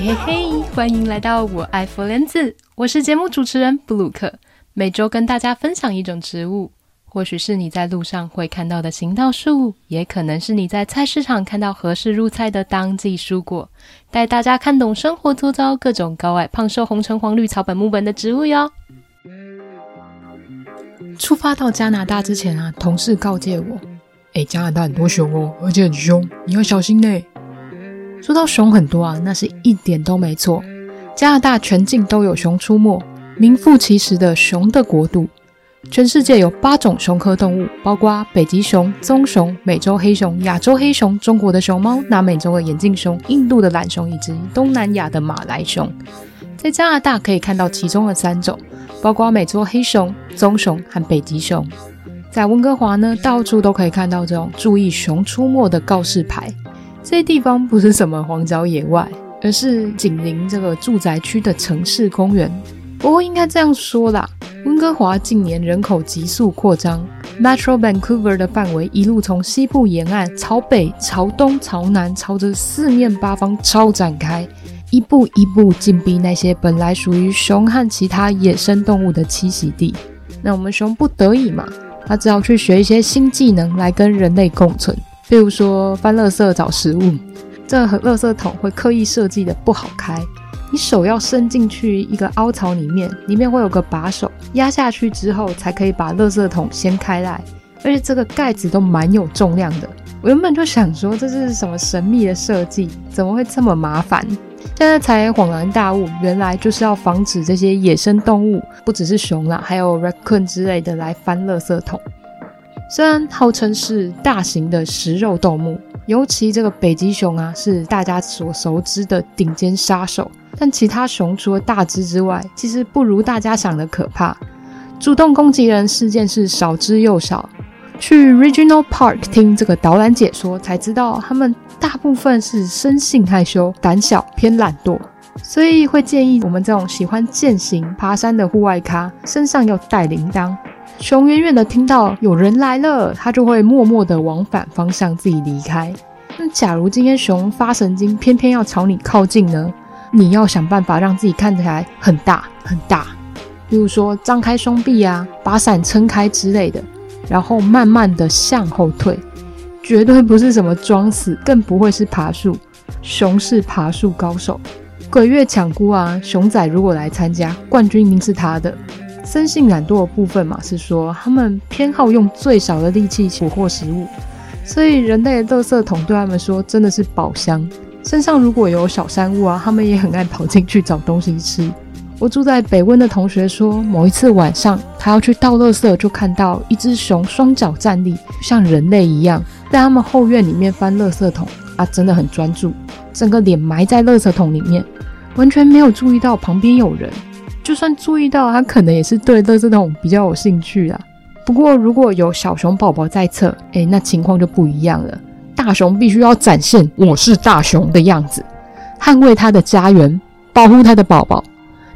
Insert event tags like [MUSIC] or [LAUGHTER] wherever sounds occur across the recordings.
嘿嘿，hey, hey, hey, 歡迎來到我愛佛蓮子，我是節目主持人布魯克，每周跟大家分享一種植物，或許是你在路上會看到的行道樹，也可能是你在菜市場看到合適入菜的當季蔬果，帶大家看懂生活周遭各種高矮胖瘦紅橙黃綠草本木本的植物喲。出發到加拿大之前啊，同事告誡我，哎、欸，加拿大很多熊哦，而且很凶，你要小心嘞、欸。說到熊很多啊，那是一點都沒錯。加拿大全境都有熊出沒，名副其實的熊的國度。全世界有八種熊科動物，包括北極熊、棕熊、美洲黑熊、亞洲黑熊、中國的熊貓、南美洲的眼鏡熊、印度的懶熊以及東南亞的馬來熊。在加拿大可以看到其中的三種，包括美洲黑熊、棕熊和北極熊。在溫哥華呢，到處都可以看到這種注意熊出沒的告示牌。這地方不是什麼荒郊野外，而是緊鄰這個住宅區的城市公園。不過應該這樣說啦，溫哥華近年人口急速擴張，Metro Vancouver 的範圍一路從西部沿岸朝北、朝東、朝南，朝着四面八方超展開，一步一步進逼那些本來屬於熊和其他野生動物的棲息地。那我們熊不得已嘛，它只好去學一些新技能來跟人類共存。比如說翻垃圾找食物，這垃圾桶會刻意設計的不好開，你手要伸進去一個凹槽裡面，裡面會有個把手，壓下去之後才可以把垃圾桶掀開來，而且這個蓋子都蠻有重量的。我原本就想說這是什麼神秘的設計，怎麼會這麼麻煩？現在才恍然大悟，原來就是要防止這些野生動物，不只是熊啦，還有 raccoon 之類的來翻垃圾桶。雖然號稱是大型的食肉動物，尤其這個北極熊啊是大家所熟知的頂尖殺手，但其他熊除了大隻之外，其實不如大家想的可怕。主動攻擊人事件是少之又少。去 Regional Park 聽這個導覽解說才知道，他們大部分是生性害羞、膽小、偏懶惰，所以會建議我們這種喜歡健行、爬山的戶外咖身上要帶鈴鐺。熊遠遠的聽到有人來了，它就會默默的往反方向自己離開。那假如今天熊發神經，偏偏要朝你靠近呢？你要想辦法讓自己看起來很大很大，比如說張開雙臂啊，把傘撐開之類的，然後慢慢的向後退，絕對不是什麼裝死，更不會是爬樹。熊是爬樹高手，鬼月搶孤啊，熊仔如果來參加，冠軍一定是他的。生性懶惰的部分嘛，是說他們偏好用最少的力氣捕獲食物，所以人類的垃圾桶對他們說真的是寶箱。身上如果有小生物啊，他們也很愛跑進去找東西吃。我住在北溫的同學說，某一次晚上他要去倒垃圾，就看到一隻熊雙腳站立，像人類一樣在他們後院裡面翻垃圾桶，啊，真的很專注，整個臉埋在垃圾桶裡面，完全沒有注意到旁邊有人。就算注意到他，可能也是對這這種比較有興趣啦。不過如果有小熊寶寶在側，哎，那情況就不一樣了。大熊必須要展現我是大熊的樣子，捍衛他的家園，保護他的寶寶。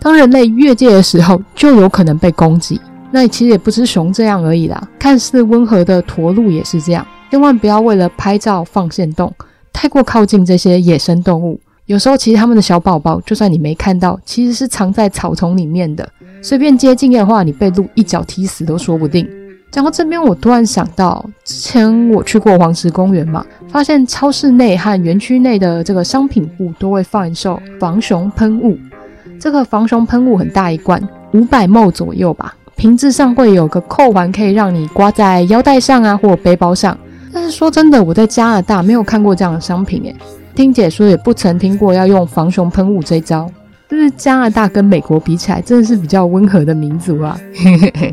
當人類越界的時候，就有可能被攻擊。那其實也不是熊這樣而已啦，看似溫和的駝鹿也是這樣。千萬不要為了拍照放線動，太過靠近這些野生動物。有時候其實他們的小寶寶，就算你沒看到，其實是藏在草叢裡面的。隨便接近的話，你被鹿一腳踢死都說不定。講到這邊我突然想到，之前我去過黃石公園嘛，發現超市內和園區內的這個商品部都會販售防熊噴霧。這個防熊噴霧很大一罐，五百 ml 左右吧。瓶子上會有個扣環，可以讓你掛在腰帶上啊或背包上。但是說真的，我在加拿大沒有看過這樣的商品誒、欸。聽姐說，也不曾聽過要用防熊噴霧這招。但是加拿大跟美國比起來，真的是比較溫和的民族啊。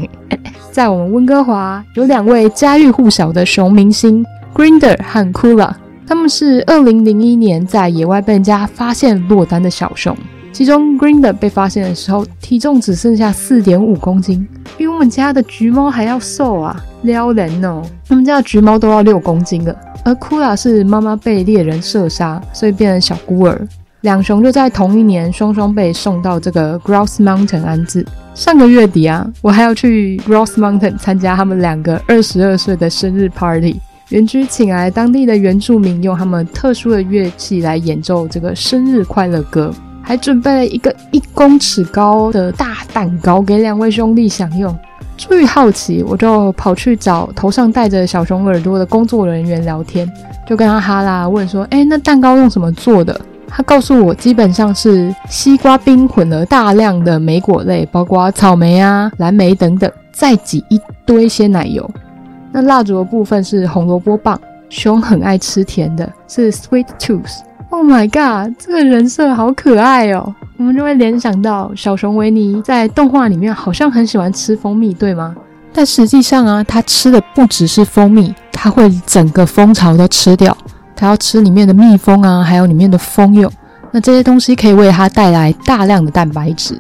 [LAUGHS] 在我們溫哥華，有兩位家喻戶曉的熊明星，Grinder 和 Kula，他們是2001年在野外被人家發現落單的小熊。其中 Grinder 被發現的時候，體重只剩下四點五公斤，比我們家的橘貓還要瘦啊！撩人哦，他們家的橘貓都要六公斤了。而 Coola 是媽媽被獵人射殺，所以變成小孤兒。兩熊就在同一年雙雙被送到這個 Grouse Mountain 安置。上個月底啊，我還要去 Grouse Mountain 參加他們兩個二十二歲的生日 party。園區請來當地的原住民，用他們特殊的樂器來演奏這個生日快樂歌。還準備了一個一公尺高的大蛋糕給兩位兄弟享用。出於好奇，我就跑去找頭上戴着小熊耳朵的工作人員聊天，就跟他哈拉問說：“誒，那蛋糕用什麼做的？”他告訴我，基本上是西瓜冰混了大量的莓果類，包括草莓啊、藍莓等等，再擠一堆鮮奶油。那蠟燭的部分是紅蘿蔔棒，熊很愛吃甜的，是 sweet tooth。Oh my god，這個人設好可愛哦！我們就會聯想到小熊維尼在動畫裡面好像很喜歡吃蜂蜜，對嗎？但實際上啊，他吃的不只是蜂蜜，他會整個蜂巢都吃掉，他要吃裡面的蜜蜂啊，還有裡面的蜂蛹。那這些東西可以為他帶來大量的蛋白質。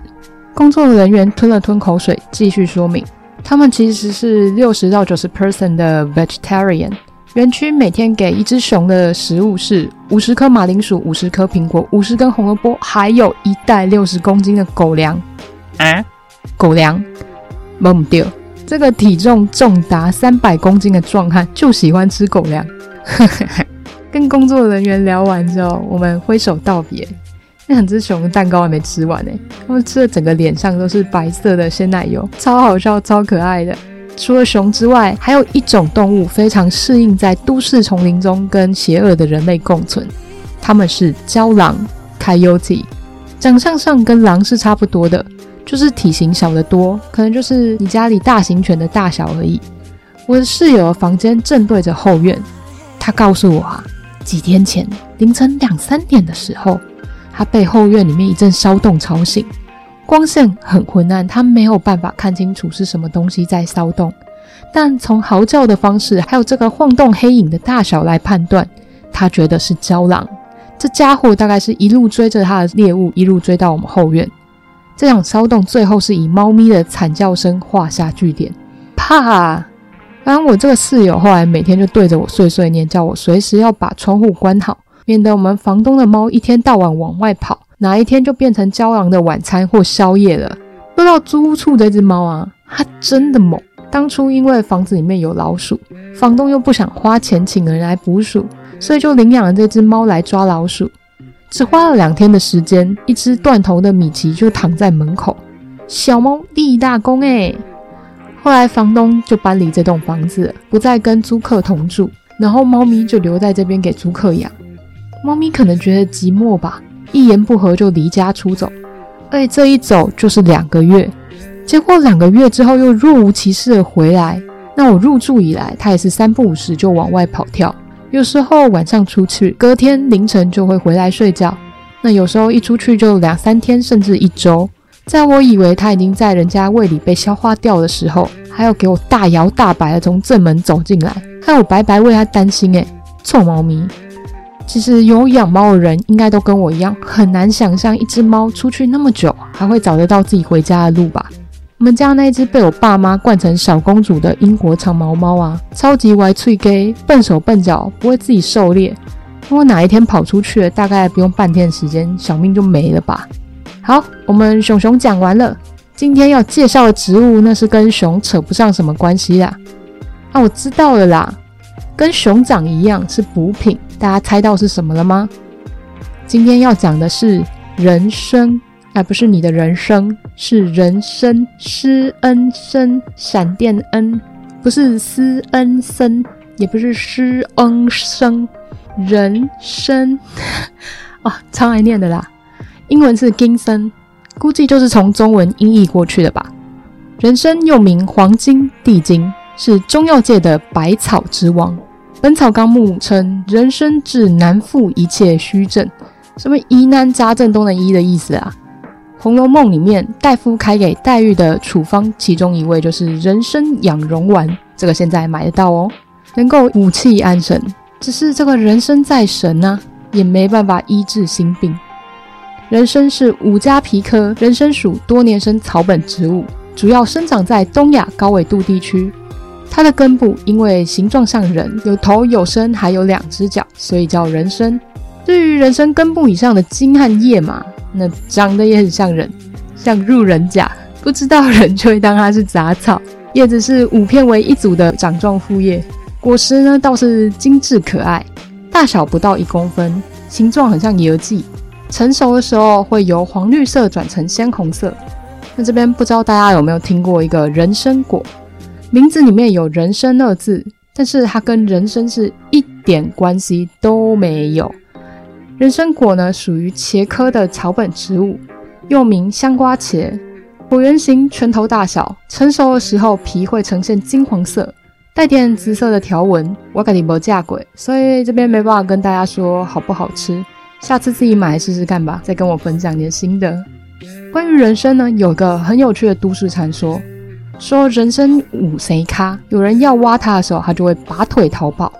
工作人員吞了吞口水，繼續說明，他們其實是六十到九十 percent 的 vegetarian。園區每天給一隻熊的食物是五十顆馬鈴薯、五十顆蘋果、五十根紅蘿蔔，還有一袋六十公斤的狗糧。哎、嗯，狗糧？懵不掉！這個體重重達三百公斤的壯漢就喜歡吃狗糧。 [LAUGHS] 跟工作人員聊完之後，我們揮手道別。那兩隻熊的蛋糕還沒吃完呢、欸，他們吃的整個臉上都是白色的鮮奶油，超好笑，超可愛的。除了熊之外，還有一種動物非常適應在都市叢林中跟邪惡的人類共存，它們是郊狼，Coyote。長相上跟狼是差不多的，就是體型小得多，可能就是你家裡大型犬的大小而已。我的室友的房間正對着後院，他告訴我啊，幾天前凌晨兩三點的時候，他被後院裡面一陣騷動吵醒。光線很昏暗，他沒有辦法看清楚是什麼東西在騷動。但從嚎叫的方式，還有這個晃動黑影的大小來判斷，他覺得是郊狼。這家伙大概是一路追着他的獵物，一路追到我們後院。這場騷動最後是以貓咪的慘叫聲畫下句點。怕，當我這個室友後來每天就對着我碎碎念，叫我隨時要把窗戶關好，免得我們房東的貓一天到晚往外跑。哪一天就變成郊狼的晚餐或宵夜了。說到租屋處這只貓啊，它真的猛。當初因為房子裡面有老鼠，房東又不想花錢請人來捕鼠，所以就領養了這只貓來抓老鼠。只花了兩天的時間，一只斷頭的米奇就躺在門口，小貓立大功誒、欸，後來房東就搬離這棟房子了，不再跟租客同住，然後貓咪就留在這邊給租客養。貓咪可能覺得寂寞吧。一言不合就離家出走，而且這一走就是兩個月，結果兩個月之後又若無其事的回來。那我入住以來，他也是三不五時就往外跑跳，有時候晚上出去，隔天凌晨就會回來睡覺。那有時候一出去就兩三天，甚至一周。在我以為他已經在人家胃裡被消化掉的時候，還要給我大搖大擺的從正門走進來，害我白白為他擔心。誒，臭貓咪！其實有養貓的人應該都跟我一樣，很難想象一隻貓出去那麼久還會找得到自己回家的路吧？我們家那一隻被我爸媽慣成小公主的英國長毛貓啊，超級歪脆 gay，笨手笨腳，不會自己狩獵。如果哪一天跑出去了，大概不用半天的時間，小命就沒了吧？好，我們熊熊講完了。今天要介紹的植物，那是跟熊扯不上什麼關係啦。啊，啊，我知道了啦，跟熊掌一樣是補品。大家猜到是什麼了嗎？今天要講的是人參，而不是你的人生，是人參。s 恩生，閃電恩，不是 s 恩生，也不是 s 恩生。人參啊、 [LAUGHS] 哦，超愛念的啦。英文是 ginseng，估計就是從中文音譯過去的吧。人參又名黃精、地精，是中藥界的百草之王。《本草綱目》稱，人參治男婦一切虛症，什麼疑難雜症都能醫的意思啊。《紅樓夢》裡面大夫開給黛玉的處方，其中一味就是人參養榮丸，這個現在買得到哦，能夠補氣安神。只是這個人參再神啊，也沒辦法醫治心病。人參是五加皮科人參屬多年生草本植物，主要生長在東亞高緯度地區。它的根部因為形狀像人，有頭有身，還有兩隻腳，所以叫人參。至於人參根部以上的莖和葉嘛，那長得也很像人，像入人甲，不知道人就會當它是雜草。葉子是五片為一組的掌狀複葉，果實呢倒是精致可愛，大小不到一公分，形狀很像油劑，成熟的時候會由黃綠色轉成鮮紅色。那這邊不知道大家有沒有聽過一個人參果？名字裡面有人參二字，但是它跟人參是一點關係都沒有。人參果呢，屬於茄科的草本植物，又名香瓜茄，果圓形，拳頭大小，成熟的時候皮會呈現金黃色，帶點紫色的條紋。我肯定不嫁鬼，所以這邊沒辦法跟大家說好不好吃。下次自己買來試試看吧，再跟我分享點新的。關於人參呢，有個很有趣的都市傳說。說人參五誰咖，有人要挖他的時候，他就會拔腿逃跑。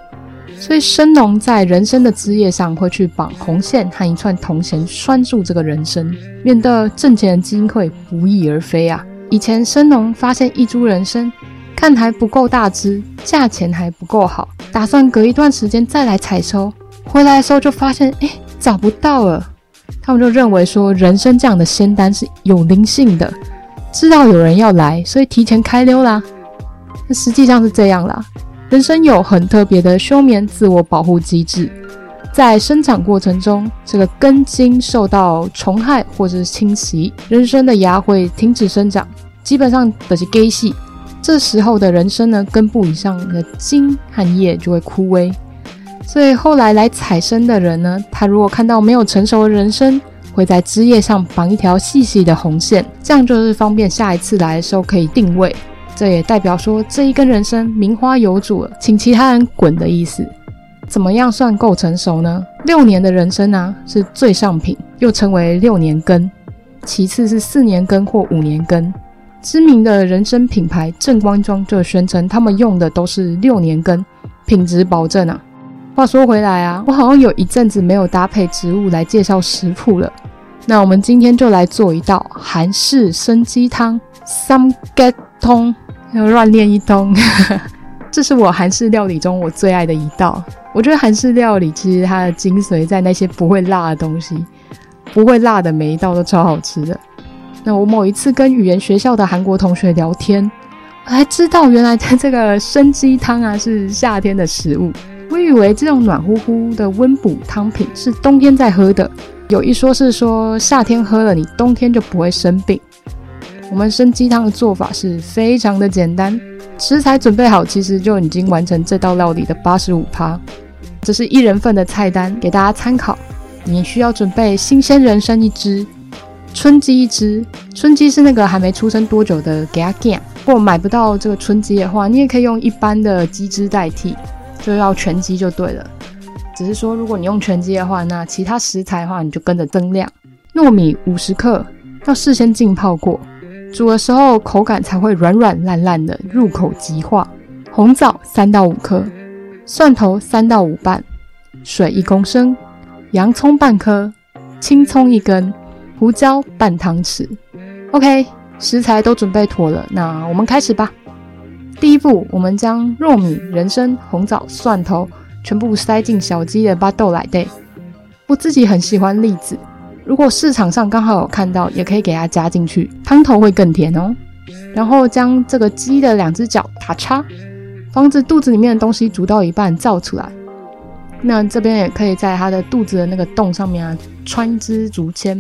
所以，參農在人參的枝葉上會去綁紅線和一串銅錢，拴住這個人參，免得掙錢的機會不翼而飛啊。以前參農發現一株人參，看還不夠大只，價錢還不夠好，打算隔一段時間再來採收。回來的時候就發現，哎，找不到了。他們就認為說，人參這樣的仙丹是有靈性的。知道有人要來，所以提前開溜啦。那實際上是這樣啦。人參有很特別的休眠自我保護機製，在生長過程中，這個根莖受到蟲害或者是侵襲，人參的芽會停止生長，基本上都是根系。這時候的人參呢，根部以上的莖和葉就會枯萎。所以後來來採參的人呢，他如果看到沒有成熟的人參，會在枝葉上綁一條細細的紅線，這樣就是方便下一次來的時候可以定位。這也代表說這一根人參名花有主了，請其他人滾的意思。怎麼樣算夠成熟呢？六年的人參啊是最上品，又稱為六年根，其次是四年根或五年根。知名的人參品牌正官莊就宣稱他們用的都是六年根，品質保證啊。話說回來啊，我好像有一陣子沒有搭配植物來介紹食譜了。那我們今天就來做一道韓式蔘雞湯，some get 湯要亂念一通。 [LAUGHS] 這是我韓式料理中我最愛的一道。我覺得韓式料理其實它的精髓在那些不會辣的東西，不會辣的每一道都超好吃的。那我某一次跟語言學校的韓國同學聊天，我才知道原來他這個蔘雞湯啊是夏天的食物。我以為這種暖乎乎的溫補湯品是冬天在喝的。有一說是說夏天喝了你，你冬天就不會生病。我們參雞湯的做法是非常的簡單，食材準備好其實就已經完成這道料理的八十五趴。這是一人份的菜單，給大家參考。你需要準備新鮮人參一支，春雞一隻。春雞是那個還沒出生多久的，給它給。或買不到這個春雞的話，你也可以用一般的雞汁代替，就要全雞就對了。只是說，如果你用全雞的話，那其他食材的話，你就跟着增量。糯米五十克，要事先浸泡過，煮的時候口感才會軟軟爛爛的，入口即化。紅棗三到五顆，蒜頭三到五瓣，水一公升，洋蔥半顆，青蔥一根，胡椒半湯匙。OK，食材都準備妥了，那我們開始吧。第一步，我們將糯米、人參、紅棗、蒜頭，全部塞進小雞的巴豆內底。我自己很喜歡栗子，如果市場上剛好有看到，也可以給它加進去，湯頭會更甜哦。然後將這個雞的兩只腳打叉，防止肚子裡面的東西煮到一半造出來。那這邊也可以在它的肚子的那個洞上面啊，穿支竹籤，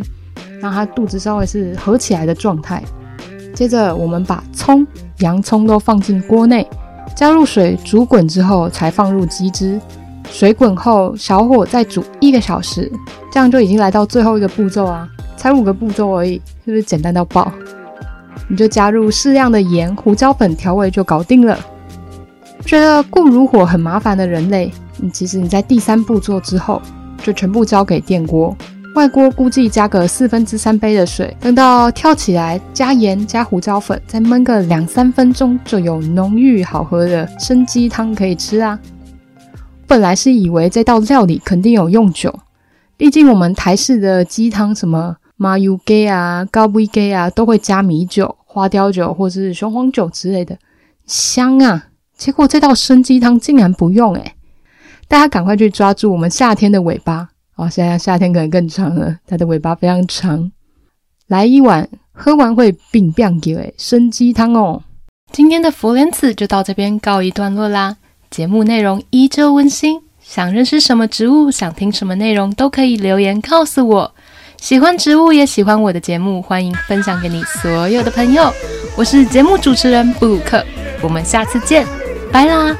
讓它肚子稍微是合起來的狀態。接着我們把蔥、洋蔥都放進鍋內。加入水煮滾之後，才放入雞汁。水滾後，小火再煮一個小時，這樣就已經來到最後一個步驟啊！才五個步驟而已，是、就、不是簡單到爆？你就加入適量的鹽、胡椒粉調味就搞定了。覺得顧爐火很麻煩的人類，其實你在第三步做之後，就全部交給電鍋。外鍋估計加個四分之三杯的水，等到跳起來加鹽加胡椒粉，再燜個兩三分鐘，就有濃郁好喝的參雞湯可以吃啊！本來是以為這道料理肯定有用酒，畢竟我們台式的雞湯什麼麻油雞啊、高麗雞啊都會加米酒、花雕酒或是雄黃酒之類的，香啊！結果這道參雞湯竟然不用誒、欸、大家趕快去抓住我們夏天的尾巴！哦，現在夏天可能更長了，它的尾巴非常長。來一碗，喝完會病變油，蔘雞湯哦。今天的佛蓮子就到這邊告一段落啦。節目內容依舊溫馨，想認識什麼植物，想聽什麼內容都可以留言告訴我。喜歡植物也喜歡我的節目，歡迎分享給你所有的朋友。我是節目主持人布魯克，我們下次見，拜啦。